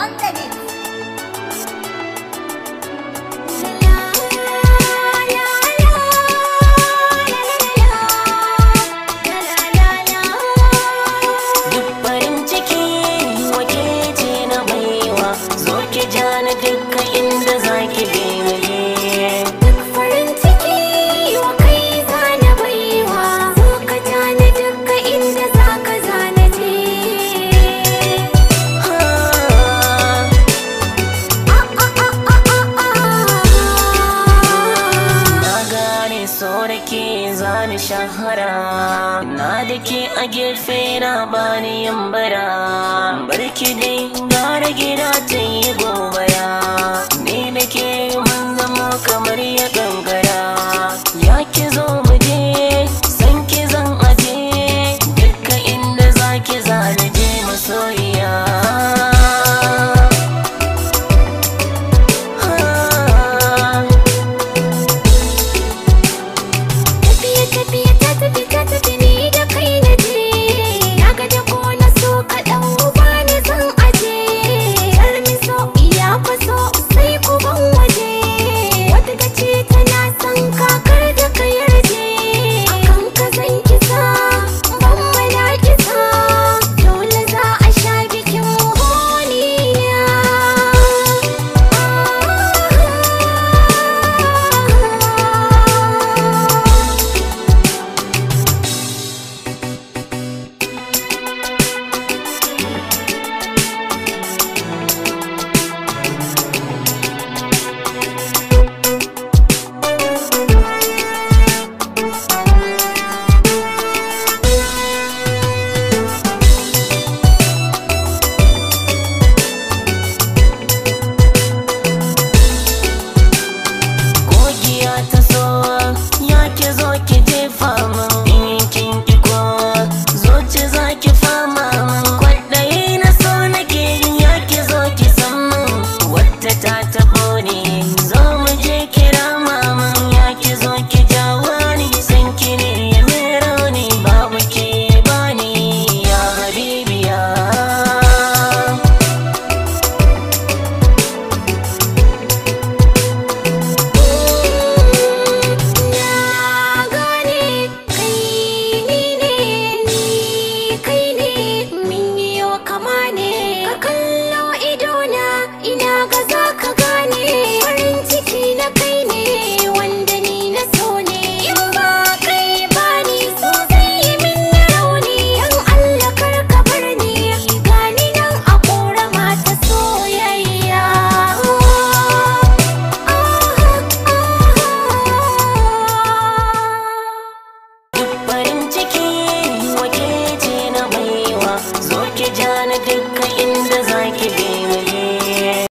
on the disc. sahara na da ke a gefe na bani yin bara barki dai gara gida ta yi gobe sun